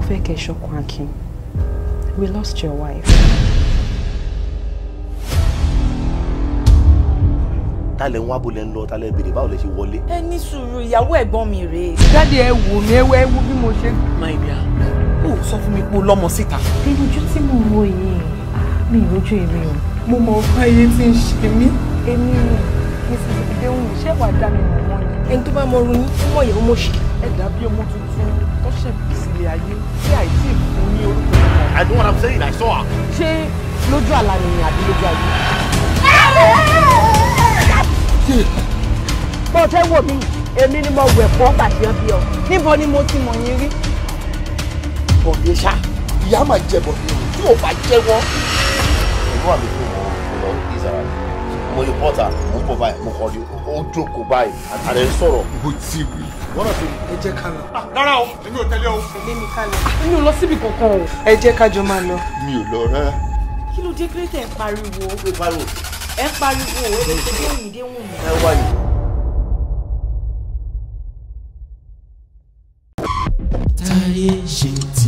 mo fẹ́ kẹ́ ṣọkàn Akin we lost your wife. ta lẹ ń wá bó lẹ ń lọ ta lẹ béèrè báwo lẹ ṣe wọlé. ẹ ní sùúrù ìyàwó ẹ̀gbọ́n mi rèé. jáde ẹ wò mí ẹ wọ ẹ wo bí mo ṣe. máa bíà ó sọ fún mi pé o lọ́mọ síta. ìrojú tí mo wo yìí mi ìrojú èmi o. mo mọ ọkọ tí ń ṣe mí. èmi ni mrs ìdéhùn ṣé wàá dá mi mọ̀ wọ́n ẹni tó bá mọ ronú mọ̀ yẹ̀ ọmọ ṣì. ẹ dàbí ọmọ tuntun I know what I'm saying. I saw her. Ṣé lójú àlá ni àbí lójú ayé? Bó ṣe wò mí, èmi ni mo wẹ̀ fọ́ bàtí ọ bí ọ. Níbo ni mo ti mọ̀ yín rí? Bọ̀dé ṣá, ìyá máa jẹ bọ̀dé tí ò bá jẹ́ wọ́n. Ìlú àmì fún wọn bọ́ta mò ń bọ̀ mo kọ́ ni ó jókòó báyìí àtàrẹ ń sọ̀rọ̀. mo ti wí. wọ́nà tó ẹ jẹ́ ká lọ. Ah, rárá o èmi ò tẹ́lẹ̀ o. èmi mi ká lọ èmi ò lọ síbi kankan o. ẹ jẹ́ ká jọ máa mi ò lọ rárá. kí ló dé kí ló tẹ̀ ń pariwo. pariwo. ẹ pariwo o ẹ ti dé òyìn dé òyìn. ẹ wáyé. ta ni